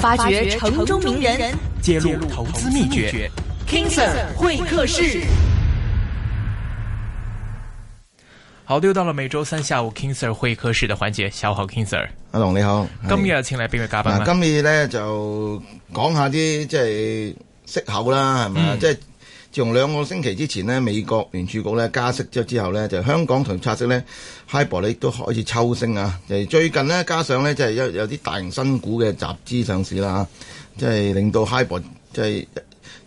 發掘城中名人，揭露投資秘訣。King Sir 會客室。好，又到了每周三下午 King Sir 會客室的環節。小好，King Sir，阿龍你好。今日是請來邊位嘉賓，啊、今日呢就講下啲即係息口啦，係咪？嗯、即係。自從兩個星期之前呢，美國聯儲局咧加息之後呢，就香港同拆息呢，HIBOR 都開始抽升啊！誒、就是，最近呢，加上呢，即係有有啲大型新股嘅集資上市啦，即係令到 HIBOR 即係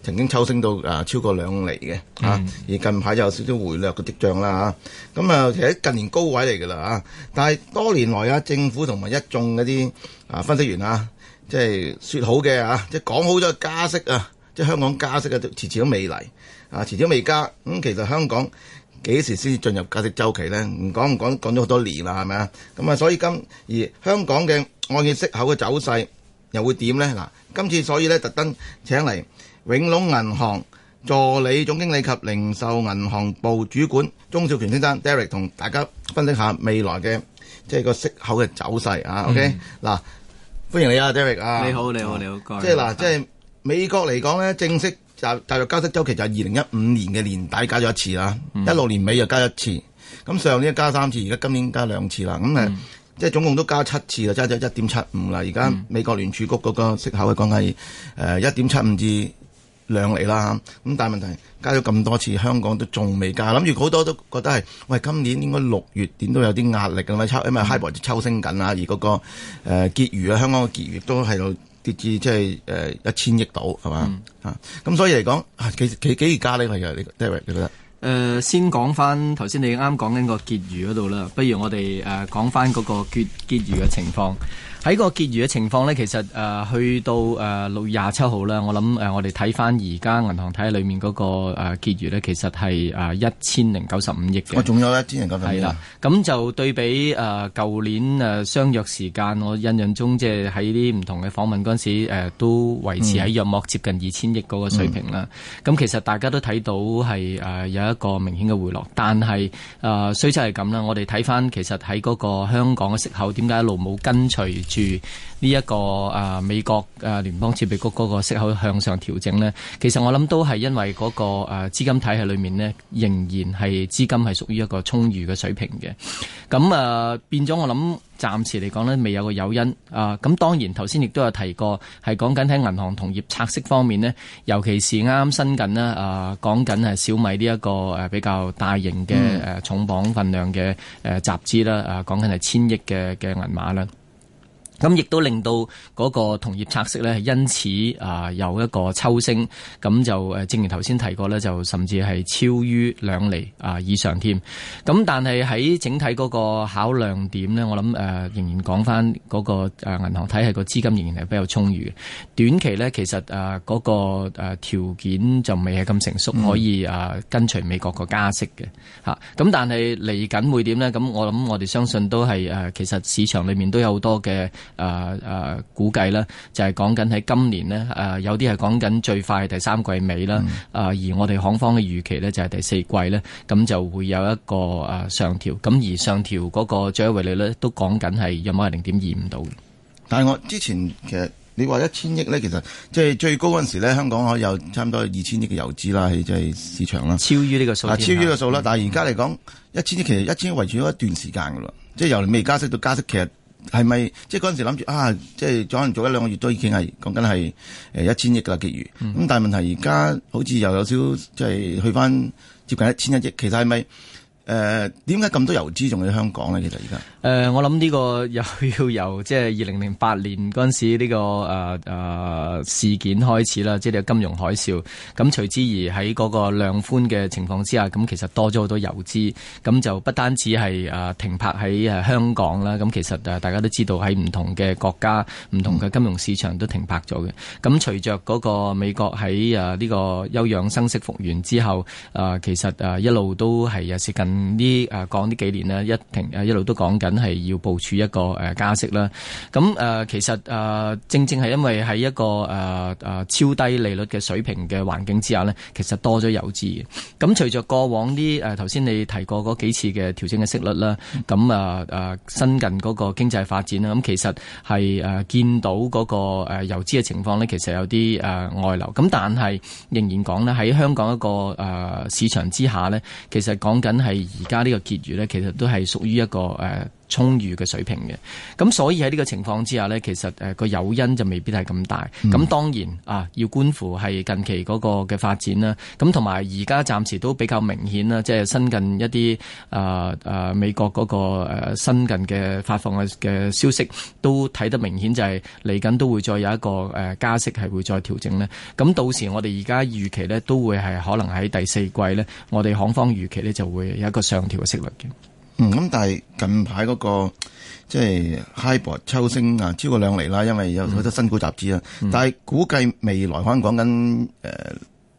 曾經抽升到啊超過兩厘嘅嚇，啊嗯、而近排有少少回落嘅跡象啦嚇。咁啊，啊，其實近年高位嚟㗎啦嚇，但係多年來啊，政府同埋一眾嗰啲啊分析員啊，即係說好嘅啊，即係講好咗加息啊，即係香港加息啊，遲遲都未嚟。啊，遲早未加咁，其實香港幾時先進入加息週期咧？唔講唔講，講咗好多年啦，係咪啊？咁啊，所以今而香港嘅按月息口嘅走勢又會點咧？嗱，今次所以咧，特登請嚟永隆銀行助理總經理及零售銀行部主管鐘少權先生 Derek 同大家分析下未來嘅即係個息口嘅走勢啊。OK，嗱，歡迎你啊，Derek 啊，你好，你好，你好，即係嗱，即係美國嚟講咧，正式。大大約加息周期就係二零一五年嘅年底加咗一次啦，一六年尾又加一次，咁上年加三次，而家今年加兩次啦，咁誒即係總共都加七次啦，加咗一點七五啦，而家美國聯儲局嗰個息口嘅講緊誒一點七五至兩厘啦，咁但係問題加咗咁多次，香港都仲未加，諗住好多都覺得係喂今年應該六月點都有啲壓力㗎嘛，因為 HIBOR 就抽升緊啦，而嗰、那個誒、呃、結餘啊，香港嘅結餘都係有。跌至即係誒一千億度係嘛嚇，咁、呃嗯啊、所以嚟講，其、啊、幾幾而家咧係由 David 先講翻頭先你啱講緊個結餘嗰度啦，不如我哋誒講翻個個結結餘嘅情況。嗯喺個結餘嘅情況呢，其實誒去到誒六月廿七號啦，我諗誒我哋睇翻而家銀行體系裡面嗰個誒結餘咧，其實係誒一千零九十五億嘅。我仲有一千零九十五億。係啦，咁就對比誒舊年誒相約時間，我印象中即係喺啲唔同嘅訪問嗰陣時都維持喺約莫接近二千億嗰個水平啦。咁、嗯嗯、其實大家都睇到係誒有一個明顯嘅回落，但係誒雖則係咁啦，我哋睇翻其實喺嗰個香港嘅息口點解一路冇跟隨住呢一個啊，美國啊聯邦儲備局嗰個息口向上調整呢，其實我諗都係因為嗰個誒資金體系裏面呢，仍然係資金係屬於一個充裕嘅水平嘅。咁啊、呃、變咗，我諗暫時嚟講呢，未有個誘因啊。咁、呃、當然頭先亦都有提過，係講緊喺銀行同業拆息方面呢，尤其是啱啱新緊啦啊，講緊係小米呢一個誒比較大型嘅誒重磅份量嘅誒集資啦啊，講緊係千億嘅嘅銀碼啦。咁亦都令到嗰個同業拆息咧，係因此啊有一個抽升，咁就正如頭先提過咧，就甚至係超於兩厘啊以上添。咁但係喺整體嗰個考量點咧，我諗誒仍然講翻嗰個誒銀行體系個資金仍然係比較充裕嘅。短期咧，其實誒嗰個誒條件就未係咁成熟，可以誒跟隨美國個加息嘅嚇。咁、嗯、但係嚟緊會點咧？咁我諗我哋相信都係誒，其實市場裏面都有好多嘅。誒誒、呃呃、估計呢就係講緊喺今年呢，誒、呃、有啲係講緊最快第三季尾啦。誒、嗯、而我哋行方嘅預期呢，就係第四季呢，咁就會有一個誒上調。咁而上調嗰個最優惠率呢，都講緊係有冇係零點二五度。但係我之前其實你話一千億呢，其實即係最高嗰陣時呢，香港可以有差唔多二千億嘅游資啦，喺即係市場啦，超於呢個數。嗱，超於呢個數啦。但係而家嚟講，一千億其實一千億維持咗一段時間㗎啦，即係由未加息到加息，其實。係咪即係嗰陣時諗住啊？即係可能做一兩個月都已經係講緊係一千億㗎啦，結餘。咁、嗯、但係問題而家好似又有少即係去返接近一千一億，其實係咪？誒，點解咁多遊資仲喺香港咧？其實而家誒，我諗呢個又要由即係二零零八年陣時呢、這個誒誒、呃呃、事件開始啦，即係金融海嘯。咁隨之而喺嗰個量寬嘅情況之下，咁其實多咗好多遊資。咁就不單止係誒停泊喺誒香港啦，咁其實誒大家都知道喺唔同嘅國家、唔同嘅金融市場都停泊咗嘅。咁隨着嗰個美國喺誒呢個休養生息復原之後，誒、呃、其實誒一路都係有接近。呢誒講呢幾年呢，一停誒一路都講緊係要部署一個誒加息啦。咁誒、啊、其實誒、啊、正正係因為喺一個誒誒、啊啊、超低利率嘅水平嘅環境之下呢，其實多咗遊資。咁隨著過往啲誒頭先你提過嗰幾次嘅調整嘅息率啦，咁啊誒、啊、新近嗰個經濟發展啦，咁其實係誒見到嗰個遊資嘅情況呢，其實,、啊、其實有啲誒、啊、外流。咁但係仍然講呢，喺香港一個誒、啊、市場之下呢，其實講緊係。而家呢個結局呢，其實都係屬於一個誒充裕嘅水平嘅，咁所以喺呢個情況之下咧，其實誒個誘因就未必係咁大，咁、嗯、當然啊要觀乎係近期嗰個嘅發展啦，咁同埋而家暫時都比較明顯啦，即、就、係、是、新近一啲誒誒美國嗰、那個誒、啊、新近嘅發放嘅嘅消息都睇得明顯、就是，就係嚟緊都會再有一個誒加息係會再調整咧，咁到時我哋而家預期咧都會係可能喺第四季咧，我哋行方預期咧就會有一個上調嘅息率嘅。嗯，咁但係近排嗰、那個即係、就是、HIBOR 抽升啊，超過兩釐啦，因為有好多新股集資啦。嗯、但係估計未來可能講緊誒。嗯呃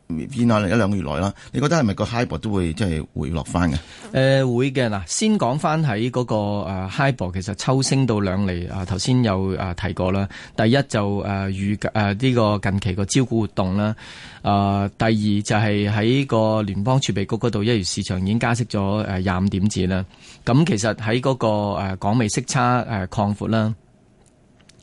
變下嚟一兩個月內啦，你覺得係咪個 high 博都會即係回落翻嘅？誒、呃、會嘅嗱，先講翻喺嗰個 high 博，其實抽升到兩釐啊。頭先有誒提過啦，第一就誒預誒呢個近期個招股活動啦，誒第二就係喺個聯邦儲備局嗰度，一如市場已經加息咗誒廿五點子啦。咁其實喺嗰個港美息差誒擴闊啦。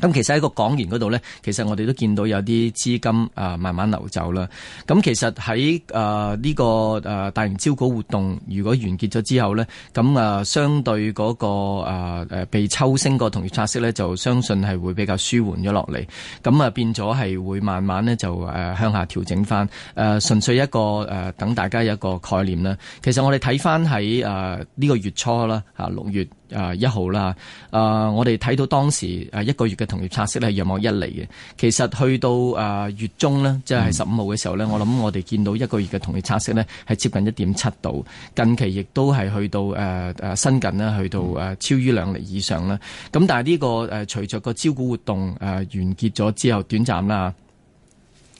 咁其實喺個港元嗰度呢，其實我哋都見到有啲資金啊慢慢流走啦。咁、啊、其實喺誒呢個誒、啊、大型招股活動如果完結咗之後呢，咁啊相對嗰、那個誒、啊啊、被抽升個同業拆息呢，就相信係會比較舒緩咗落嚟。咁啊變咗係會慢慢呢，就、啊、向下調整翻。誒、啊、純粹一個誒、啊、等大家有一個概念啦。其實我哋睇翻喺誒呢個月初啦，六、啊、月。誒一號啦，誒、呃、我哋睇到當時誒一個月嘅同業拆息咧，約莫一厘嘅，其實去到誒、呃、月中呢，即係十五號嘅時候呢，嗯、我諗我哋見到一個月嘅同業拆息呢係接近一點七度，近期亦都係去到誒誒、呃、新近呢去到誒超於兩厘以上啦，咁但係、這、呢個誒隨着個招股活動誒、呃、完結咗之後，短暫啦。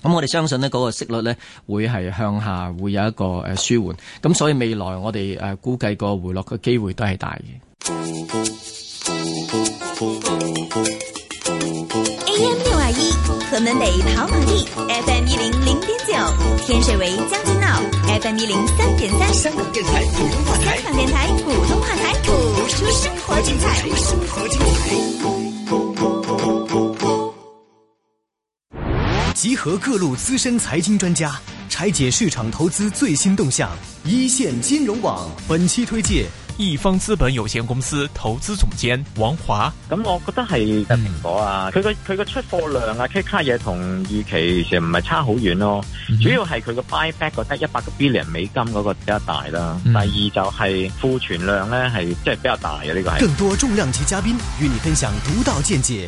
咁我哋相信呢嗰個息率呢，會係向下，會有一個誒舒緩。咁所以未來我哋誒估計個回落嘅機會都係大嘅。A M 六二一，河門北跑馬地；F M 一零零點九，天水圍將軍澳；F M 一零三點三香港電台普通話台。香港電台普通話台，生活精彩，生活精彩。集合各路資深財經專家，拆解市場投資最新動向。一線金融網本期推介：易方資本有限公司投資總監王華。咁我覺得係個蘋果啊，佢個佢個出貨量啊，k 卡嘢同預期其實唔係差好遠咯。嗯、主要係佢個 buy back 我覺得一百個 billion 美金嗰個比較大啦。嗯、第二就係庫存量咧，係即係比較大嘅、啊、呢、這個係。更多重量級嘉賓與你分享獨到見解。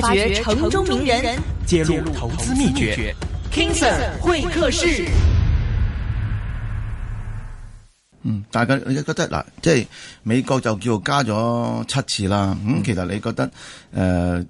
發掘城中名人，人揭露投資秘訣。秘訣 King Sir, King Sir 會客室、嗯。嗯，大家、嗯、你覺得嗱，即係美國就叫加咗七次啦。咁其實你覺得誒？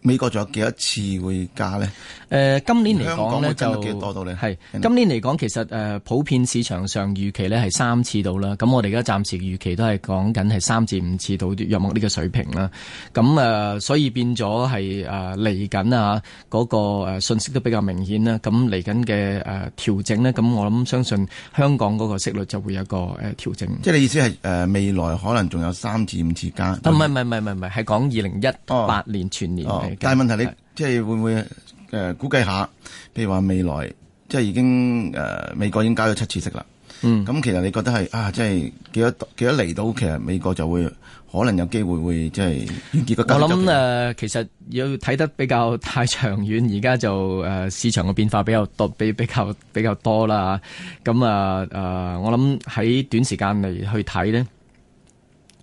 美國仲有幾多次會加呢？誒、呃，今年嚟講呢，多就係是的今年嚟講，其實誒、呃、普遍市場上預期呢係三次到啦。咁我哋而家暫時預期都係講緊係三至五次到約莫呢個水平啦。咁誒、呃，所以變咗係誒嚟緊啊嗰、那個誒、啊、信息，都比較明顯啦。咁嚟緊嘅誒調整呢，咁我諗相信香港嗰個息率就會有個誒調、啊、整。即你意思係誒、呃、未來可能仲有三至五次加？唔係唔係唔係唔係，係講二零一八年、哦、全年。哦但係問題，你即係會唔會誒估計下？譬如話未來，即係已經誒美國已經加咗七次息啦。嗯，咁其實你覺得係啊？即係幾多幾多嚟到，其實美國就會可能有機會會即係完結個。我諗誒、呃，其實要睇得比較太長遠，而家就誒、呃、市場嘅變化比較多，比比較比較多啦。咁啊誒，我諗喺短時間嚟去睇呢。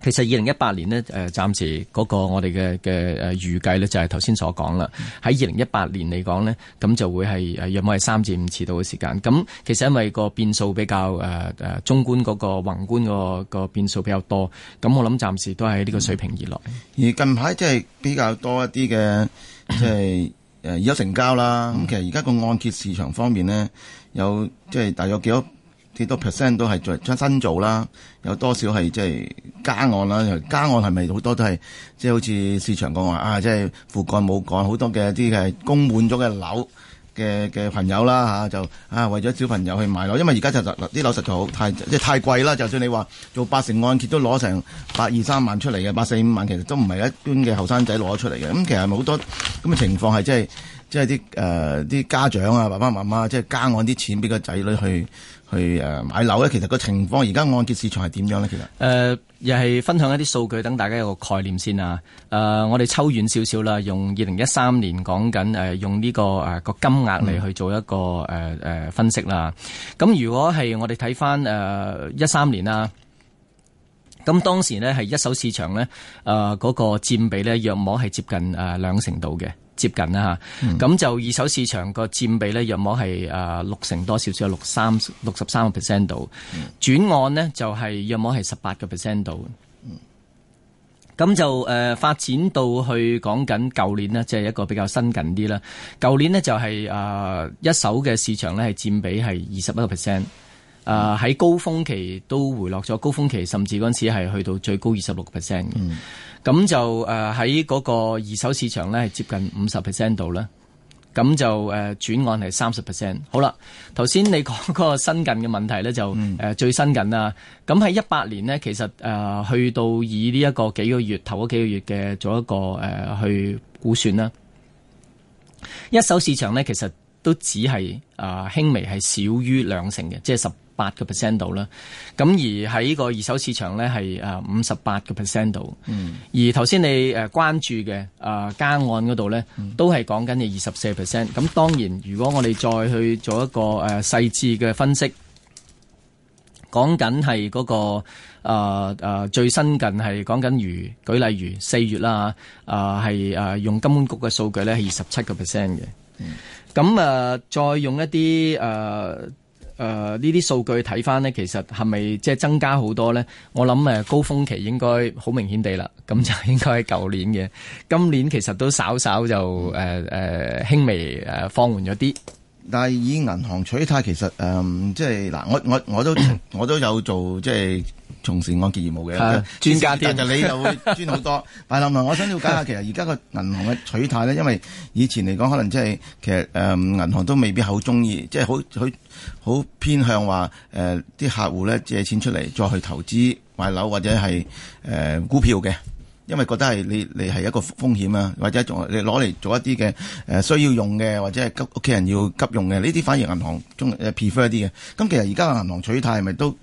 其實二零一八年呢，誒暫時嗰個我哋嘅嘅誒預計呢，就係頭先所講啦。喺二零一八年嚟講呢，咁就會係誒約莫係三至五次左右嘅時間。咁其實因為個變數比較誒誒、啊、中觀嗰、嗰個宏觀、嗰個、嗰個變數比較多，咁我諗暫時都喺呢個水平而內。嗯、而近排即係比較多一啲嘅、就是，即係而家成交啦。咁、嗯、其實而家個按揭市場方面呢，有即係、就是、大約幾多？幾多 percent 都係將新做啦，有多少係即係加案啦？加案係咪好多都係即係好似市場講話啊，即係父幹母幹，好多嘅啲嘅供滿咗嘅樓嘅嘅朋友啦、啊、就啊，為咗小朋友去買樓，因為而家就啲樓實在好太即係、就是、太貴啦。就算你話做八成按揭都攞成百二三萬出嚟嘅，百四五萬其實都唔係一般嘅後生仔攞出嚟嘅。咁、嗯、其實係咪好多咁嘅情況係即係即係啲誒啲家長啊，爸爸媽媽即係加案啲錢俾個仔女去去誒買樓咧，其實個情況而家按揭市場係點樣咧？其實誒又係分享一啲數據，等大家有個概念先啊！誒、呃，我哋抽遠少少啦，用二零一三年講緊誒，用呢、這個誒個、呃、金額嚟去做一個誒誒、呃呃、分析啦。咁、呃、如果係我哋睇返誒一三年啦，咁當時呢係一手市場呢，誒、呃、嗰、那個佔比呢，約摸係接近誒、呃、兩成度嘅。接近啦吓，咁就二手市場個佔比咧，若冇係誒六成多，少少有六三六十三個 percent 度，轉按呢，就係若冇係十八個 percent 度。咁就誒發展到去講緊舊年呢，即係一個比較新近啲啦。舊年呢，就係誒一手嘅市場咧，係佔比係二十一個 percent。啊！喺高峰期都回落咗，高峰期甚至嗰陣時係去到最高二十六 percent 嘅，咁、嗯、就誒喺嗰個二手市場咧係接近五十 percent 度啦，咁就誒轉按係三十 percent。好啦，頭先你講嗰個新近嘅問題咧就誒最新近啦，咁喺一八年呢，其實誒去到以呢一個幾個月頭嗰幾個月嘅做一個誒去估算啦，一手市場咧其實都只係啊輕微係少於兩成嘅，即係十八個 percent 度啦，咁而喺個二手市場咧係誒五十八個 percent 度，嗯、而頭先你誒關注嘅誒加按嗰度咧，都係講緊你二十四 percent。咁當然，如果我哋再去做一個誒細緻嘅分析，講緊係嗰個誒、啊啊、最新近係講緊如舉例如四月啦，誒係誒用金管局嘅數據咧係二十七個 percent 嘅，咁誒、嗯啊、再用一啲誒。啊誒呢啲數據睇翻呢，其實係咪即係增加好多呢？我諗、呃、高峰期應該好明顯地啦，咁就應該係舊年嘅，今年其實都稍稍就誒誒、呃呃、輕微、啊、放緩咗啲。但係以銀行取態，其實誒、嗯，即係嗱，我我我都 我都有做，即係從事按揭業務嘅專、啊、是家啲， 其實你又專好多但大林啊。我想了解下，其實而家個銀行嘅取態咧，因為以前嚟講，可能即係其實誒，銀、嗯、行都未必好中意，即係好好好偏向話誒，啲、呃、客戶咧借錢出嚟，再去投資買樓，或者係誒、呃、股票嘅。因為覺得係你你係一個風險啊，或者仲你攞嚟做一啲嘅誒需要用嘅，或者係急屋企人要急用嘅，呢啲反而銀行中誒 prefer 一啲嘅。咁其實而家銀行取態咪都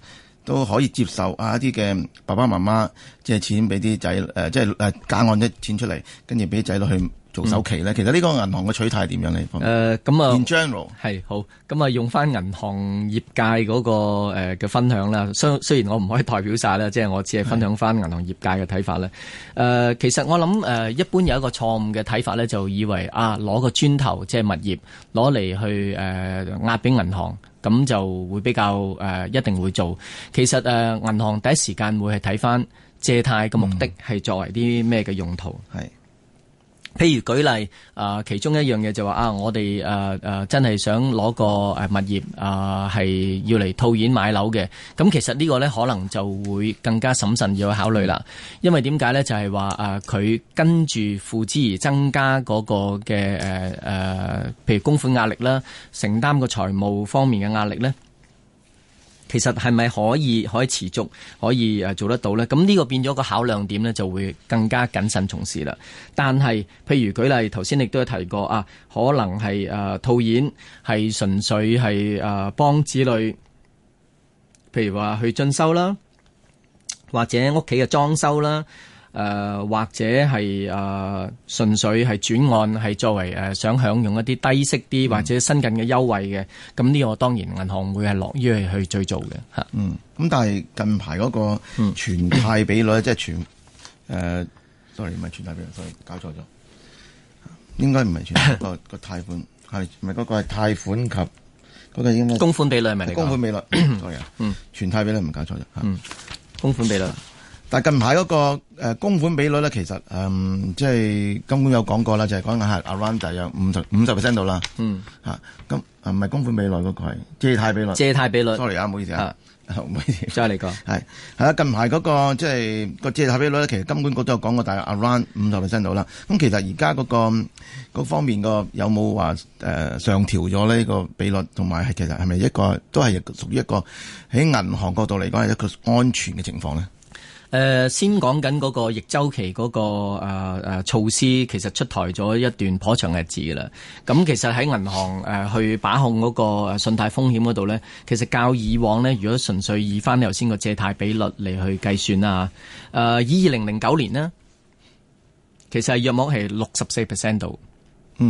都可以接受啊！一啲嘅爸爸媽媽借錢俾啲仔誒，即係誒加按啲錢出嚟，跟住俾啲仔女去，做首期咧，嗯、其實呢個銀行嘅取態點樣嚟？誒咁啊，in general 係好咁啊、嗯，用翻銀行業界嗰、那個嘅、呃、分享啦。雖雖然我唔可以代表晒啦，即係我只係分享翻銀行業界嘅睇法咧。誒是的、呃，其實我諗誒、呃，一般有一個錯誤嘅睇法咧，就以為啊，攞個磚頭即係物業攞嚟去誒押俾銀行，咁就會比較誒、呃、一定會做。其實誒、呃、銀行第一時間會係睇翻借貸嘅目的係、嗯、作為啲咩嘅用途？譬如舉例，啊，其中一樣嘢就話、是、啊，我哋啊啊，真係想攞個物業啊，係要嚟套現買樓嘅。咁其實個呢個咧，可能就會更加審慎要去考慮啦。因為點解咧？就係、是、話啊，佢跟住付之而增加嗰個嘅誒誒，譬如供款壓力啦，承擔個財務方面嘅壓力咧。其實係咪可以可以持續可以做得到呢？咁呢個變咗個考量點呢，就會更加謹慎從事啦。但係譬如舉例，頭先亦都有提過啊，可能係誒、啊、套現，係純粹係誒、啊、幫子女，譬如話去進修啦，或者屋企嘅裝修啦。誒、呃，或者係誒，純、呃、粹係轉按，係作為誒、呃、想享用一啲低息啲、嗯、或者新近嘅優惠嘅，咁呢個當然銀行會係樂於去去追做嘅吓。嗯，咁但係近排嗰個存貸比率，嗯、即係存誒、呃、，sorry 唔係存貸比率，sorry 搞錯咗，應該唔係存、 那個、那個貸款係唔係嗰個係貸款及嗰、那個應該供款比率係咪？供款比率 sorry，嗯， 存貸比率唔搞錯咗吓，供款比率。但近排嗰個誒公款比率咧，其實誒即係金管有講過啦，就係講緊係 around 就有五十五十 percent 度啦。嗯，嚇咁唔係公款比率嗰個係借貸比率。借貸比率，sorry 啊，唔好意思啊，唔好意思，再嚟講係係啦。近排嗰個即係個借貸比率咧，其實金管局都有講過大約50，大係 around 五十 percent 度啦。咁其實而家嗰個嗰方面個有冇話誒上調咗呢個比率同埋係其實係咪一個都係屬於一個喺銀行角度嚟講係一個安全嘅情況咧？誒，先講緊嗰個逆周期嗰、那個誒誒、啊啊、措施，其實出台咗一段頗長日子啦。咁其實喺銀行誒、啊、去把控嗰個信貸風險嗰度咧，其實較以往咧，如果純粹以翻頭先個借貸比率嚟去計算啦，誒，以二零零九年呢，其實係約摸係六十四 percent 度。就是、value，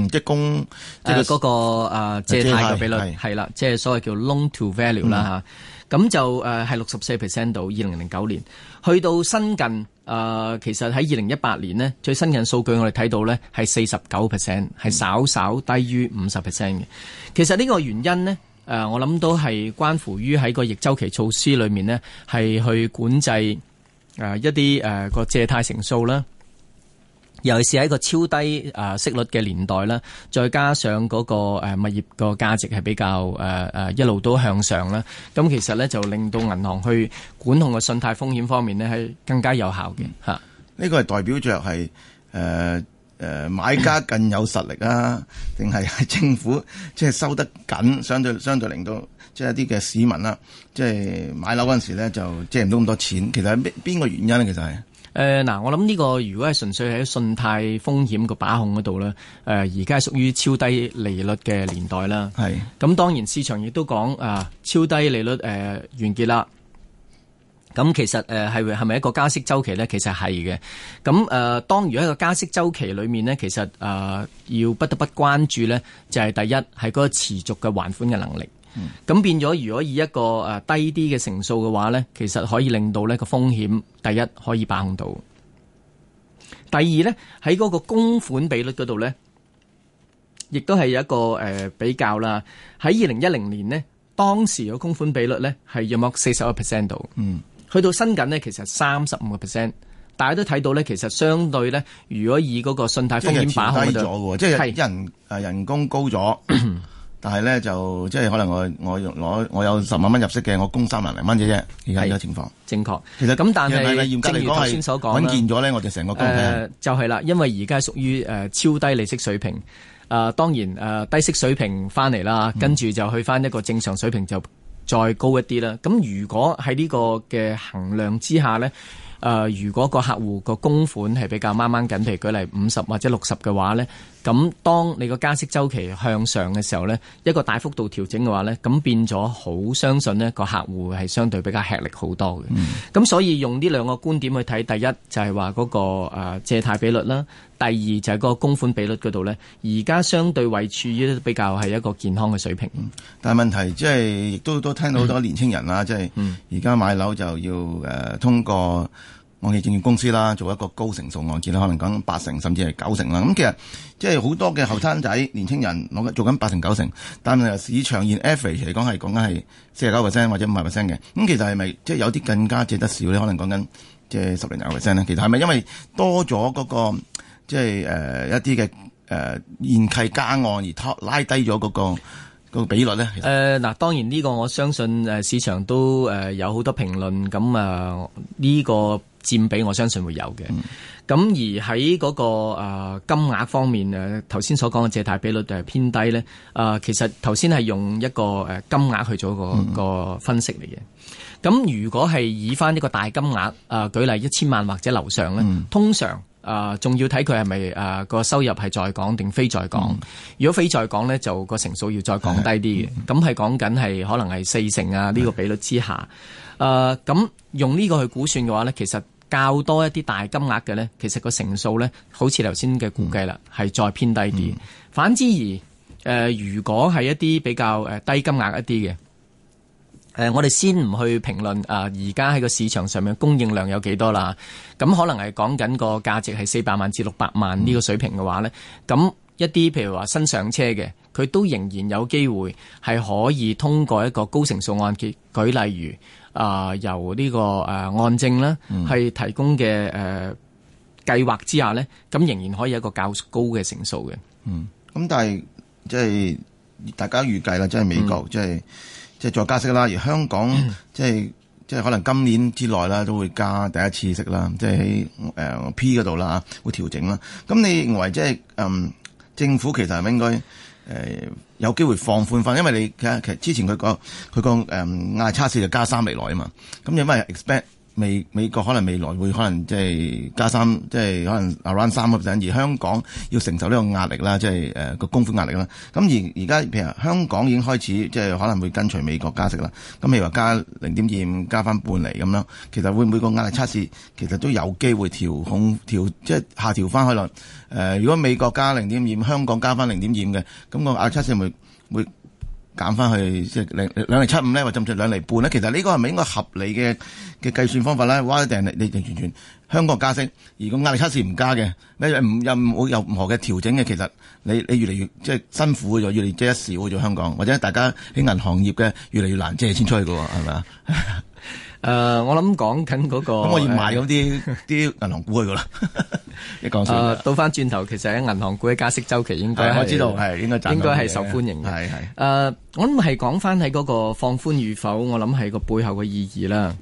嗯，一共即係嗰個誒借貸嘅比率係啦，即係所謂叫 loan to value 啦吓。咁就誒係六十四 percent 度，二零零九年去到新近誒，其實喺二零一八年呢，最新近嘅數據我哋睇到呢係四十九 percent，係稍稍低於五十 percent 嘅。其實呢個原因呢，誒我諗都係關乎於喺個逆週期措施裏面呢，係去管制誒一啲誒個借貸成數啦。尤其是喺一個超低啊息率嘅年代啦，再加上嗰個誒物業個價值係比較誒誒、啊啊、一路都向上啦，咁其實咧就令到銀行去管控個信貸風險方面呢係更加有效嘅吓。呢、嗯這個係代表着係誒誒買家更有實力啊，定係係政府即係、就是、收得緊，相對相對令到即係、就是、一啲嘅市民啦、啊，即、就、係、是、買樓嗰陣時咧就借唔到咁多錢。其實係邊邊個原因呢、啊？其實係？誒，嗱、呃，我諗呢個如果係純粹喺信貸風險個把控嗰度咧，誒、呃，而家係屬於超低利率嘅年代啦。係咁的，當然市場亦都講啊、呃，超低利率誒、呃、完結啦。咁其實誒係係咪一個加息周期咧？其實係嘅。咁、呃、誒，當如果一個加息周期裏面呢，其實誒、呃、要不得不關注咧，就係、是、第一係嗰個持續嘅還款嘅能力。咁、嗯、變咗，如果以一個誒低啲嘅成數嘅話咧，其實可以令到呢個風險，第一可以把控到，第二咧喺嗰個供款比率嗰度咧，亦都係有一個誒、呃、比較啦。喺二零一零年呢，當時嘅供款比率咧係約莫四十個 percent 度，嗯，去到新緊呢，其實三十五個 percent，大家都睇到咧，其實相對咧，如果以嗰個信貸風險把控咗即係人誒人工高咗。 但係呢，就即係可能我我用我我有十萬蚊入息嘅，我供三萬零蚊嘅啫。而家呢個情況正確。其實咁，但係你格嚟講，嚴格嚟講咗呢，我、嗯、就成個。誒就係啦，因為而家屬於超低利息水平。誒、呃、當然誒、呃、低息水平翻嚟啦，跟住、嗯、就去翻一個正常水平就再高一啲啦。咁如果喺呢個嘅衡量之下呢，誒、呃、如果個客戶個供款係比較掹掹緊，譬如舉例五十或者六十嘅話呢。咁當你個加息周期向上嘅時候，呢一個大幅度調整嘅話，呢咁變咗好相信呢個客戶係相對比較吃力好多嘅。咁、嗯、所以用呢兩個觀點去睇，第一就係話嗰個誒借貸比率啦，第二就係嗰個供款比率嗰度呢，而家相對位處於比較係一個健康嘅水平。嗯、但係問題即係亦都都聽到好多年青人啦，即係而家買樓就要誒、呃、通過。我哋證券公司啦，做一個高成數案件咧，可能講八成甚至係九成啦。咁其實即係好多嘅後生仔、年青人攞緊做緊八成九成，但係市場現 average 嚟講係講緊係四十九個 percent 或者五十個 percent 嘅。咁其實係咪即係有啲更加借得少咧？可能講緊即係十零廿個 percent 咧。其實係咪因為多咗嗰、那個即係誒、呃、一啲嘅誒現契加按而拖拉低咗嗰、那個那個比率咧？誒嗱、呃，當然呢個我相信誒市場都誒有好多評論咁啊，呢、這個。佔比我相信會有嘅，咁、嗯、而喺嗰、那個、呃、金額方面誒，頭先所講嘅借貸比率就係偏低咧。誒、呃，其實頭先係用一個金額去做個、嗯、個分析嚟嘅。咁如果係以翻一個大金額誒、呃，舉例一千萬或者樓上咧，嗯、通常誒仲、呃、要睇佢係咪誒個收入係在港定非在港。嗯、如果非在港咧，就個成數要再降低啲嘅。咁係講緊係可能係四成啊呢、這個比率之下誒，咁的、呃、用呢個去估算嘅話咧，其實。較多一啲大金額嘅呢，其實個成數呢，好似頭先嘅估計啦，係、嗯、再偏低啲。嗯、反之而，誒、呃，如果係一啲比較誒低金額一啲嘅，誒、呃，我哋先唔去評論啊。而家喺個市場上面供應量有幾多啦？咁可能係講緊個價值係四百萬至六百萬呢個水平嘅話呢。咁、嗯、一啲譬如話新上車嘅，佢都仍然有機會係可以通過一個高成數按揭。舉例如。啊、呃，由呢、這個誒、呃、按證啦係提供嘅誒、呃、計劃之下呢，咁仍然可以有一個較高嘅成數嘅、嗯。嗯，咁但係即係大家預計啦，即係美國，即係即係再加息啦。而香港即係即係可能今年之內啦，都會加第一次息啦。即係喺、呃、P 嗰度啦，會調整啦。咁你認為即係嗯政府其實係咪應該？誒、呃，有機會放寬翻，因為你其實其實之前佢講、那個，佢講誒，壓叉四就加三未來啊嘛，咁有乜 expect？美美國可能未來會可能即係加三，即係可能 around 三 percent，而香港要承受呢個壓力啦，即係誒個供款壓力啦。咁而而家譬如香港已經開始即係可能會跟隨美國加息啦。咁譬如話加零點二五，加翻半厘咁樣，其實會唔會每個壓力測試其實都有機會調控調即係下調翻開嚟？誒、呃，如果美國加零點二五，香港加翻零點二五嘅，咁個壓力測試唔會？會減翻去即係兩兩釐七五咧，就是、2, 7, 5, 或甚至兩厘半咧。其實呢個係咪應該合理嘅嘅計算方法咧？或一定你定完全，全香港加息，如果壓力測試唔加嘅，你唔又唔會有任何嘅調整嘅。其實你你越嚟越即係、就是、辛苦，就越嚟越借得少咗香港，或者大家喺銀行業嘅越嚟越難借錢出去㗎喎，係咪啊？ 誒、呃，我諗講緊嗰個咁，我要買嗰啲啲銀行股去㗎喇。你講先啦。誒、呃，到翻轉頭，其實喺銀行股嘅加息周期應該，應該我知道係應該係受歡迎嘅。係係誒，我諗係講翻喺嗰個放寬與否，我諗係個背後嘅意義啦。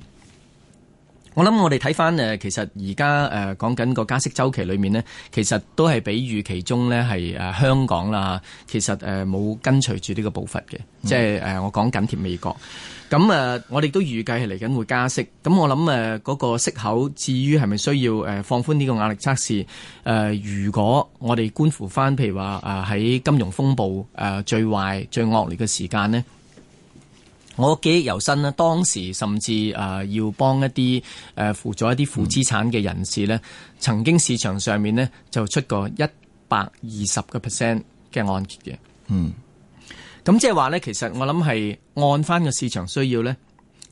我諗我哋睇翻誒，其實而家誒講緊個加息周期裏面呢，其實都係比預期中呢係誒香港啦，其實誒冇跟隨住呢個步伐嘅，即係誒我講緊貼美國。咁誒，我哋都預計係嚟緊會加息。咁我諗誒嗰個息口，至於係咪需要誒放寬呢個壓力測試？誒，如果我哋觀乎翻，譬如話誒喺金融風暴誒最壞最惡劣嘅時間呢。我記憶猶新咧，當時甚至誒、呃、要幫一啲誒輔助一啲負資產嘅人士咧，嗯、曾經市場上面呢就出過一百二十個 percent 嘅按揭嘅。的的嗯，咁即係話呢，其實我諗係按翻個市場需要呢，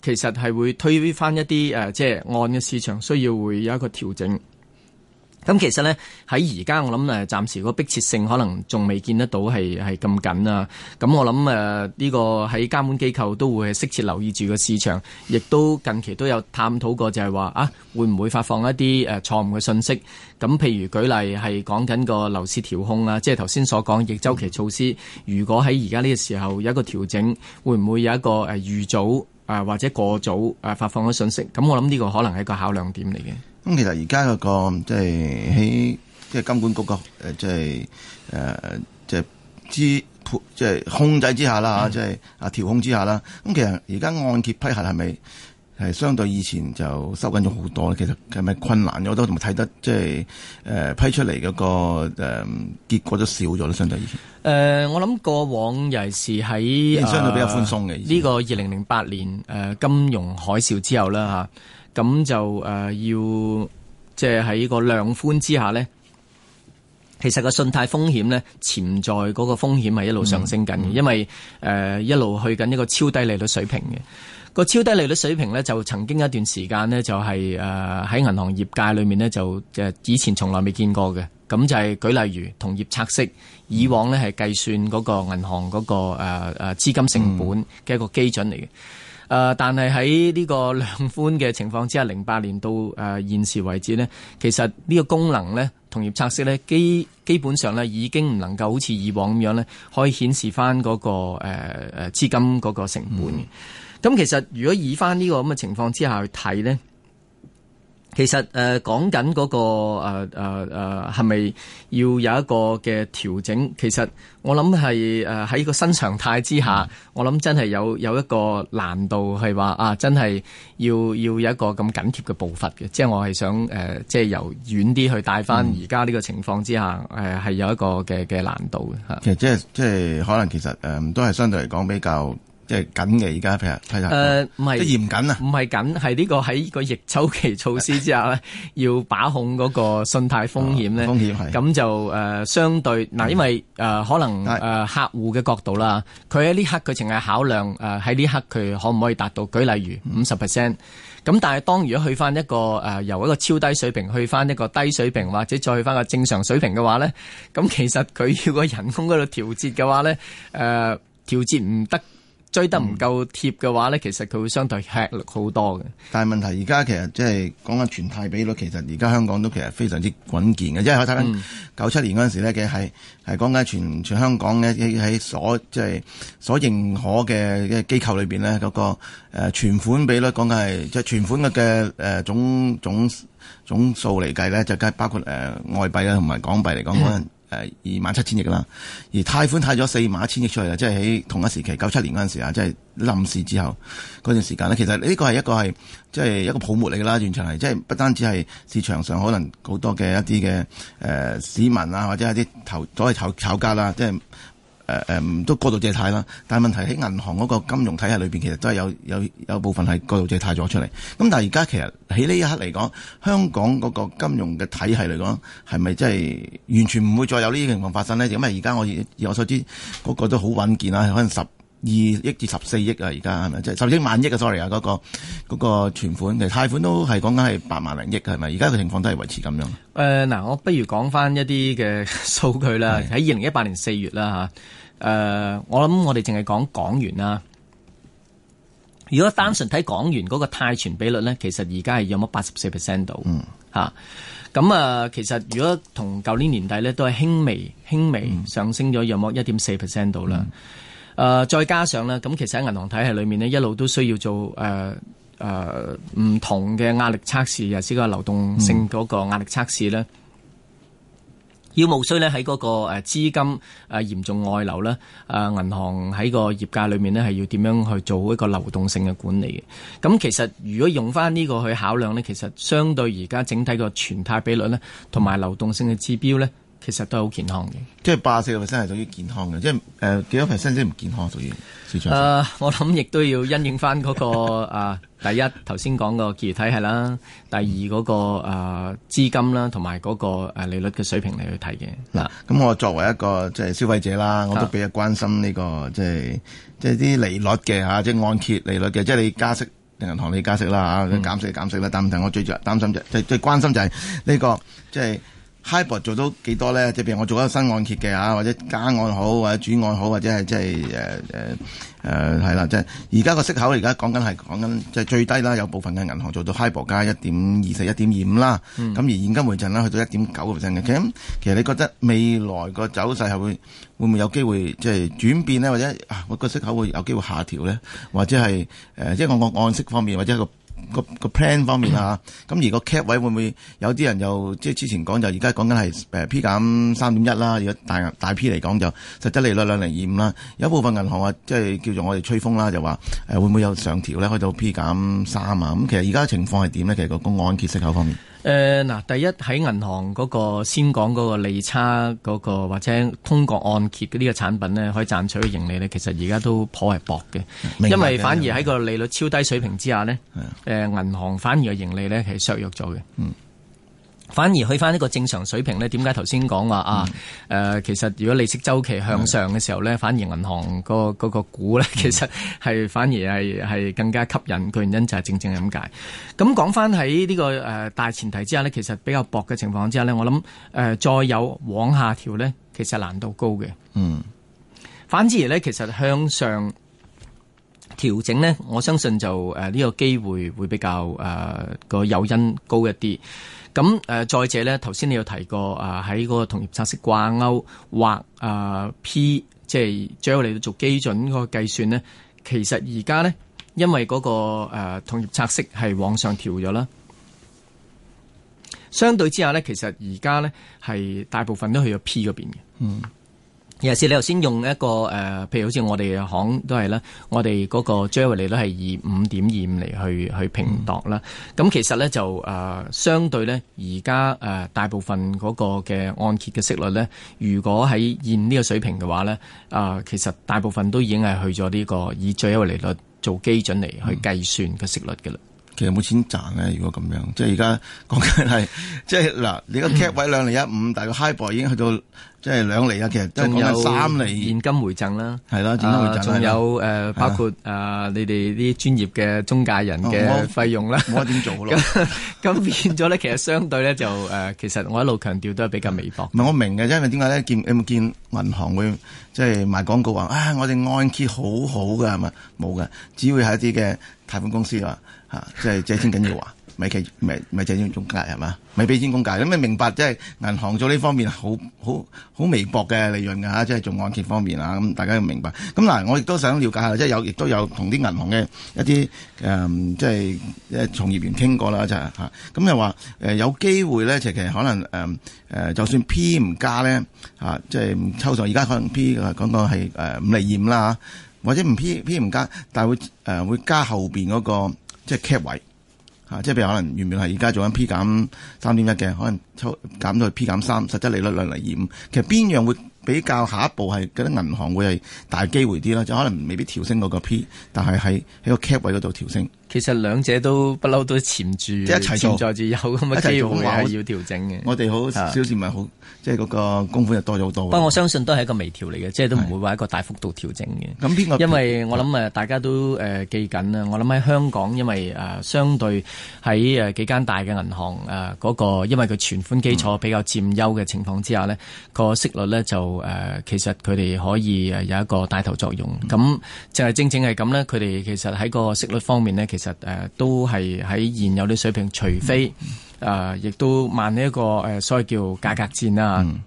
其實係會推翻一啲誒、呃，即係按嘅市場需要會有一個調整。咁其實呢，喺而家我諗誒，暫時個迫切性可能仲未見得到係係咁緊啊。咁我諗誒，呢、呃這個喺監管機構都會係適切留意住個市場，亦都近期都有探討過就，就係話啊，會唔會發放一啲誒、呃、錯誤嘅信息？咁譬如舉例係講緊個樓市調控啊，即係頭先所講逆周期措施，如果喺而家呢個時候有一個調整，會唔會有一個誒預早啊、呃、或者過早誒發放咗信息？咁我諗呢個可能係一個考量點嚟嘅。咁其實而家嗰個即係喺即係金管局個誒即係誒即係之即係控制之下啦，即係啊調控之下啦。咁、嗯、其實而家按揭批核係咪係相對以前就收緊咗好多咧？嗯、其實係咪困難咗多，同埋睇得即係誒批出嚟嗰個誒結果都少咗咧，相對以前。誒、呃，我諗過往尤其是喺相對比較寬鬆嘅呢、呃這個二零零八年誒、呃、金融海嘯之後啦嚇。啊。咁就誒要、呃、即係喺個量寬之下呢，其實個信貸風險呢，潛在嗰個風險係一路上升緊嘅，嗯嗯、因為誒、呃、一路去緊一個超低利率水平嘅、嗰個超低利率水平呢，就曾經有一段時間呢，就係誒喺銀行業界裏面呢，就以前從來未見過嘅。咁就係舉例如同業拆息，以往呢，係計算嗰個銀行嗰、嗰個誒資、呃、資金成本嘅一個基準嚟嘅。嗯嗯誒、呃，但係喺呢個量寬嘅情況之下，零八年到誒、呃、現時為止呢，其實呢個功能呢，同業拆息呢，基基本上呢已經唔能夠好似以往咁樣呢，可以顯示翻、那、嗰個誒資、呃、資金嗰個成本嘅。咁、嗯、其實如果以翻呢個咁嘅情況之下去睇呢。其實誒、呃、講緊嗰、那個誒誒誒係咪要有一個嘅調整？其實我諗係誒喺個新常態之下，我諗真係有有一個難度係話啊，真係要要有一個咁緊貼嘅步伐嘅。即係我係想誒、呃，即係由遠啲去帶翻而家呢個情況之下，誒係、嗯呃、有一個嘅嘅難度嘅吓，其實即係即係可能其實誒、呃、都係相對嚟講比較。即係緊嘅，而家譬如睇下，誒唔係嚴緊謹啊，唔係緊係呢個喺個逆周期措施之下咧，要把控嗰個信貸風險咧。風險係咁就誒，相對嗱，因為誒可能誒客戶嘅角度啦，佢喺呢刻佢淨係考量誒喺呢刻佢可唔可以達到？舉例如五十 percent，咁但係當如果去翻一個誒由一個超低水平去翻一個低水平，或者再去翻個正常水平嘅話咧，咁其實佢要個人工嗰度調節嘅話咧，誒調節唔得。追得唔夠貼嘅話咧，嗯、其實佢會相對吃力好多嘅。但係問題而家其實即係講緊存貸比率，其實而家香港都其實非常之穩健嘅，因為我睇翻九七年嗰陣時咧，嘅係係講緊全全香港嘅喺所即係、就是、所認可嘅嘅機構裏邊咧嗰個、呃、存款比率，講緊係即係存款嘅嘅誒總總總數嚟計咧，就計、是、包括誒、呃、外幣啊同埋港幣嚟講。嗯誒二萬七千億啦，而貸款貸咗四萬一千億出嚟啦，即係喺同一時期九七年嗰陣時啊，即係冧市之後嗰段時間呢。其實呢個係一個係即係一個泡沫嚟噶啦，完全係即係不單止係市場上可能好多嘅一啲嘅誒市民啊，或者係啲投所謂炒，炒家啦、啊，即係。誒誒，都過度借貸啦，但係問題喺銀行嗰個金融體系裏邊，其實都係有有有部分係過度借貸咗出嚟。咁但係而家其實喺呢一刻嚟講，香港嗰個金融嘅體系嚟講，係咪真係完全唔會再有呢啲情況發生呢？咁啊，而家我有所知，嗰個都好穩健啊，可能十。二億至十四億啊,啊！而家係咪即係十億萬億啊？Sorry 啊，嗰、那個嗰、那個存款嘅貸款都係講緊係八萬零億，係咪？而家個情況都係維持咁樣。誒，嗱，我不如講翻一啲嘅數據啦。喺二零一八年四月啦、啊、吓，誒、呃，我諗我哋淨係講港元啦、啊。如果單純睇港元嗰個貸存比率咧，其實而家係有冇八十四 percent 度吓咁啊？其實如果同舊年年底咧，都係輕微輕微上升咗，有冇一點四 percent 度啦？誒、呃，再加上呢，咁其實喺銀行體系裏面呢，一路都需要做誒唔、呃呃、同嘅壓力測試，又試個流動性嗰個壓力測試呢、嗯、要無需呢，喺嗰個資金誒嚴重外流呢誒、啊、銀行喺個業界裏面呢，係要點樣去做一個流動性嘅管理嘅？咁其實如果用返呢個去考量呢，其實相對而家整體個存貸比率呢，同埋流動性嘅指標呢。其實都係好健康嘅，即係八四個 percent 係屬於健康嘅，即係誒幾多 percent 先唔健康屬於市場？誒、呃，我諗亦都要因應翻、那、嗰個誒、 啊、第一頭先講個結餘體系啦，第二嗰、那個誒資、啊、金啦，同埋嗰個誒利率嘅水平嚟去睇嘅。嗱，咁我作為一個即係、就是、消費者啦，我都比較關心呢、這個即係即係啲利率嘅吓，即係按揭利率嘅，即、就、係、是、你加息銀行你加息啦吓，減、啊、息減息啦。但係我最着擔心就是、最最關心就係呢、這個即係。就是 HIBOR 做到幾多咧？即係譬如我做一個新按揭嘅嚇，或者加按好，或者轉按好，或者係即係誒誒誒係啦。即係而家個息口而家講緊係講緊即係最低啦。有部分嘅銀行做到 HIBOR 加一點二四、一點二五啦。咁而現金回贈啦，去到一點九個 percent 嘅。其實你覺得未來個走勢係會會唔會有機會即係、就是、轉變呢？或者啊，個息口會有機會下調咧？或者係誒，即係我我按個息方面或者一個。個個 plan 方面啊，咁而個 cap 位會唔會有啲人又即係之前講，就而家講緊係誒 P 減三點一啦，如果大大 P 嚟講就實質利率兩厘二五啦，有部分銀行啊即係叫做我哋吹風啦，就話誒會唔會有上調咧，開到 P 減三啊？咁其實而家情況係點咧？其實個公安結息口方面。誒，嗱，呃，第一喺銀行嗰個先講嗰個利差嗰個，或者通過按揭呢個產品呢，可以賺取嘅盈利呢，其實而家都頗爲薄嘅，的因爲反而喺個利率超低水平之下呢，誒，呃，銀行反而嘅盈利呢，係削弱咗嘅。嗯反而去翻呢個正常水平咧，點解頭先講話啊？誒、嗯呃，其實如果利息周期向上嘅時候咧，嗯、反而銀行嗰、那個股咧，其實係、嗯、反而係係更加吸引。個原因就係正正咁解。咁講翻喺呢個誒、呃、大前提之下咧，其實比較薄嘅情況之下咧，我諗誒、呃、再有往下調咧，其實難度高嘅。嗯，反之而咧，其實向上調整咧，我相信就誒呢、呃這個機會會比較誒、呃那個誘因高一啲。咁、呃、再者咧，頭先你有提過啊，喺、呃、個同業拆息掛鈎或啊、呃、P，即係將嚟做基準個計算呢，其實而家呢，因為嗰、那個、呃、同業拆息係往上調咗啦，相對之下呢，其實而家呢，係大部分都去咗 P 嗰邊嘅，嗯。尤其是你頭先用一個誒、呃，譬如好似我哋行都係啦，我哋嗰個最優利率係以五點二五嚟去去評度啦。咁、嗯、其實咧就誒、呃，相對咧而家誒大部分嗰個嘅按揭嘅息率咧，如果喺現呢個水平嘅話咧，啊、呃、其實大部分都已經係去咗呢個以最優利率做基準嚟去計算嘅息率嘅啦、嗯。其實冇錢賺咧，如果咁樣，即係而家講緊係， 即係嗱，你個 cap 位兩零一五，但係個 HIBOR 已經去到。即係兩厘啊，其實仲有三厘現金回贈啦，係啦，現金回贈啦，仲、啊、有誒，的包括誒的、uh, 你哋啲專業嘅中介人嘅費用啦，冇得點做咯，咁 變咗咧，其實相對咧 就誒，其實我一路強調都係比較微薄，唔係，我明嘅，因為點解咧？見你冇見銀行會即係賣廣告話啊、哎？我哋按揭好好噶，係咪？冇噶，只會係一啲嘅貸款公司話吓， 即係借錢緊要話、啊。咪其咪咪就中介係嘛？咪俾錢中介，咁你明白即係、就是、銀行做呢方面好好好微薄嘅利潤㗎，即係做按揭方面啊，咁，大家要明白。咁嗱，我亦都想了解下，即、就、係、是、有亦都有同啲銀行嘅一啲誒，即、嗯、係、就是、從業員傾過啦，就係、是，咁又話有機會咧，其實可能誒、嗯呃、就算 P 唔加咧，即係抽上而家可能 P 講到係誒五厘二啦，或者唔 P P 唔加，但會、呃、會加後面嗰、那個即係、就是、cap 位。啊，即係譬如可能原本係而家做緊 P 減三點一嘅，1, 可能抽減到去 P 減三，3, 實質利率兩厘二五。其實邊樣會比較下一步係覺得銀行會係大機會啲啦就可能未必調升嗰個 P，但係喺喺個 cap 位嗰度調升。其實兩者都不嬲都潛住，一齊存在住有咁嘅機會，係要調整嘅。我哋好，少唔文好，即係嗰個功夫又多咗好多。不過我相信都係一個微調嚟嘅，的即係都唔會話一個大幅度調整嘅。咁邊、這個？因為我諗大家都誒、呃、記緊啊。我諗喺香港，因為誒、呃、相對喺誒、呃、幾間大嘅銀行誒嗰、呃那個，因為佢存款基礎比較佔優嘅情況之下呢、嗯、個息率呢就誒、呃、其實佢哋可以有一個帶頭作用。咁淨係正正係咁呢，佢哋其實喺個息率方面呢。其實誒都係喺現有啲水平，除非誒亦都慢呢一個誒所謂叫價格戰啦。嗯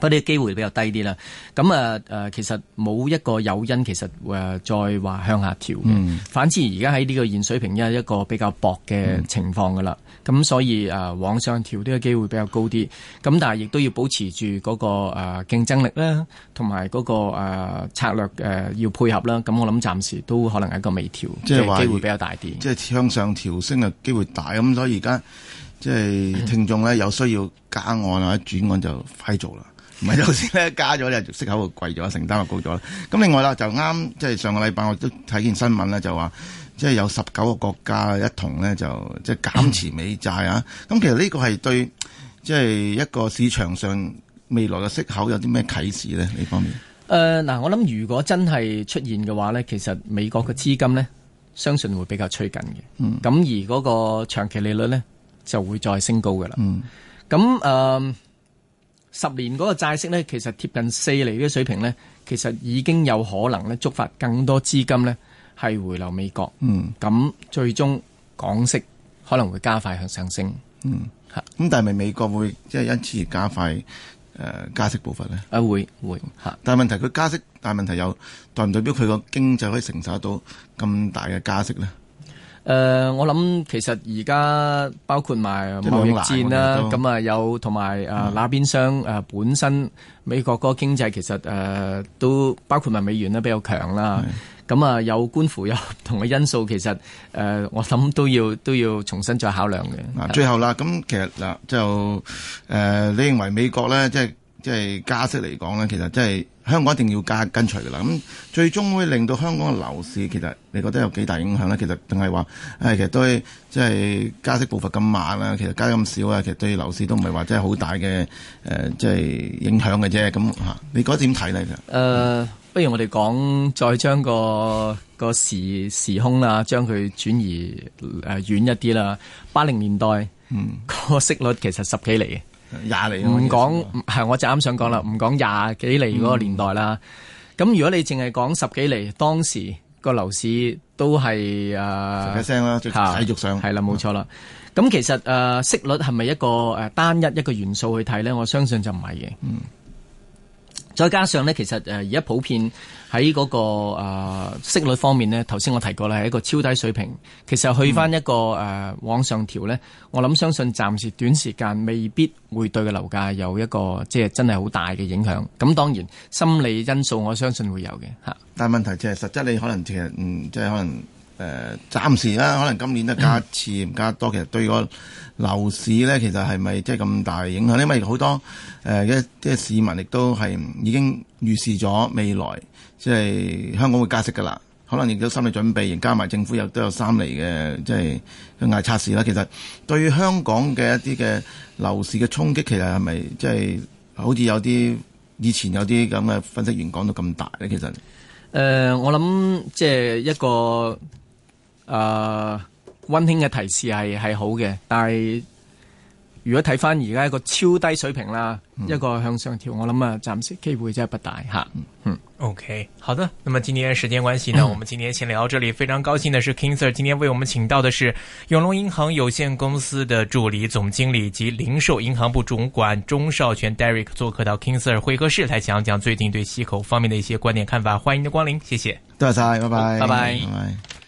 不，呢個機會比較低啲啦。咁啊，其實冇一個誘因，其實誒、呃、再話向下調嘅。嗯、反之，而家喺呢個現水平，一個比較薄嘅情況噶啦。咁、嗯、所以誒、呃、往上調，呢個機會比較高啲。咁但係亦都要保持住嗰、那個誒、呃、競爭力啦，同埋嗰個、呃、策略誒、呃、要配合啦。咁我諗暫時都可能係一個微調，即係機會比較大啲。即係向上調升嘅機會大。咁所以而家即係聽眾咧、嗯、有需要加按或者轉按就快做啦。唔係，頭先咧加咗咧，息口就貴咗，承擔就高咗啦。咁另外啦，就啱即係上個禮拜我都睇見新聞啦，就話即係有十九個國家一同呢，就即、是、係減持美債啊。咁 其實呢個係對即係、就是、一個市場上未來嘅息口有啲咩啟示呢？呢方面，誒嗱、呃，我諗如果真係出現嘅話呢，其實美國嘅資金呢，相信會比較趨緊嘅。咁、嗯、而嗰個長期利率呢，就會再升高嘅啦。嗯，咁誒。呃十年嗰個債息呢，其實貼近四厘嘅水平呢，其實已經有可能呢觸發更多資金呢，係回流美國。嗯，咁最終港息可能會加快向上升。嗯，咁是但係咪美國會即係因此加快誒加息步伐呢，啊，會會但係問題佢加息，但係問題有代唔代表佢個經濟可以承受得到咁大嘅加息呢？誒、呃，我諗其實而家包括埋貿易戰啦，咁啊有同埋誒那邊商誒本身美國嗰個經濟其實誒、呃、都包括埋美元都比較強啦，咁啊有官乎有同嘅因素，其實誒、呃、我諗都要都要重新再考量嘅。最後啦，咁其實嗱就誒、呃、你認為美國咧即係即係加息嚟講咧，其實真係。香港一定要加跟隨啦，咁最終會令到香港嘅樓市其實你覺得有幾大影響呢？其實定係話其實都係即係加息步伐咁慢啦，其實加咁少啊，其實對樓市都唔係話真係好大嘅即係影響嘅啫。咁吓，你覺得點睇呢？其實、呃、不如我哋講再將個個時，時空啦，將佢轉移誒遠一啲啦。八零年代，嗯，個息率其實十幾厘。廿厘，唔講係，我就啱想講啦，唔講廿幾厘嗰個年代啦。咁、嗯、如果你淨係講十幾厘，當時個樓市都係誒，細聲啦，繼續是上係啦，冇錯啦。咁、嗯、其實誒、呃，息率係咪一個誒、呃、單一一個元素去睇咧？我相信就唔係嘅。嗯。再加上呢，其實誒而家普遍喺嗰、那個、啊、息率方面呢，頭先我提過啦，係一個超低水平。其實去翻一個誒、嗯啊、往上調呢，我諗相信暫時短時間未必會對個樓價有一個即係真係好大嘅影響。咁當然心理因素，我相信會有嘅嚇。但係問題就係實質你可能其實嗯即係可能。誒、呃、暫時啦，可能今年都加一次唔加多，其實對個樓市咧，其實係咪即係咁大影響咧？因為好多誒一係市民亦都係已經預示咗未來，即、就、係、是、香港會加息噶啦。可能亦都心理準備，加埋政府亦都有三厘嘅，即係捱測試啦。其實對香港嘅一啲嘅樓市嘅衝擊，其實係咪即係好似有啲以前有啲咁嘅分析員講到咁大咧？其實誒、呃，我諗即係一個。誒，溫、呃、馨嘅提示係係好嘅，但係如果睇翻而家一個超低水平啦，嗯、一個向上調，我諗啊，暫時機會真係不大吓。嗯，嗯，OK，好的。那麼今天時間關係呢，嗯、我們今天先聊到這裡。非常高興的是，King Sir 今天為我們請到的是永隆銀行有限公司的助理總經理及零售銀行部主管鐘少權 Derek 做客到 King Sir 會客室，來講講最近對息口方面的一些觀點看法。歡迎您的光臨，謝謝。多謝晒，拜拜，拜拜。拜拜。